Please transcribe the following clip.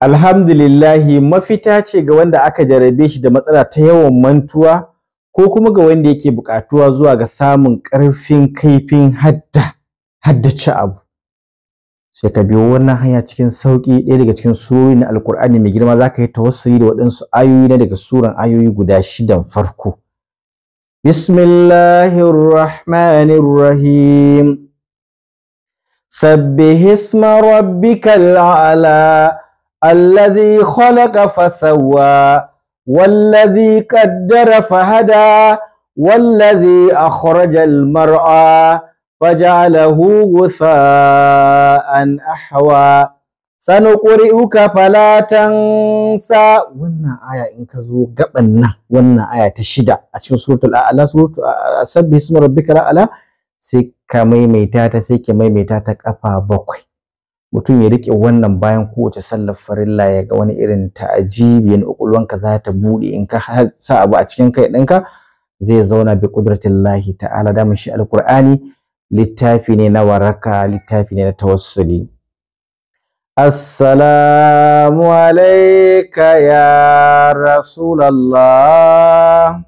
alhamdulillahi mafita ce ga wanda aka jarabe shi da matsala ta yawan mantuwa ko kuma ga wanda yake buƙatuwa zuwa ga samun ƙarfin kaifin hadda haddace abu sai ka biyo wannan hanya cikin sauƙi ɗaya daga cikin surori na alkur'ani mai girma za ka yi tawassuli da waɗansu ayoyi na daga suran ayoyi guda shidan farko bismillahirrahmanirrahim sabbih rabbikal a'la alladhi khalaqa fasawa, walladhi qaddara fahada walladhi akhraja almar'a faj'alahu ghutha'an hawa, sanu fala falatansa. wannan aya in ka zo gaban nan wannan aya ta shida a cikin suratul a'la suratul sabbih ismi rabbikal sai ka maimaita ta sai ka maimaita ta kafa bakwai mutum ya riƙe wannan bayan kowace sallar farilla ya ga wani irin ta'ajibiyan na ƙwaƙwalwanka za ta buɗe in ka sa abu a cikin kai ɗinka zai zauna bi lahi ta'ala da shi alƙur'ani littafi ne na waraka littafi ne na tawassuli assalamu alaika, ya rasulallah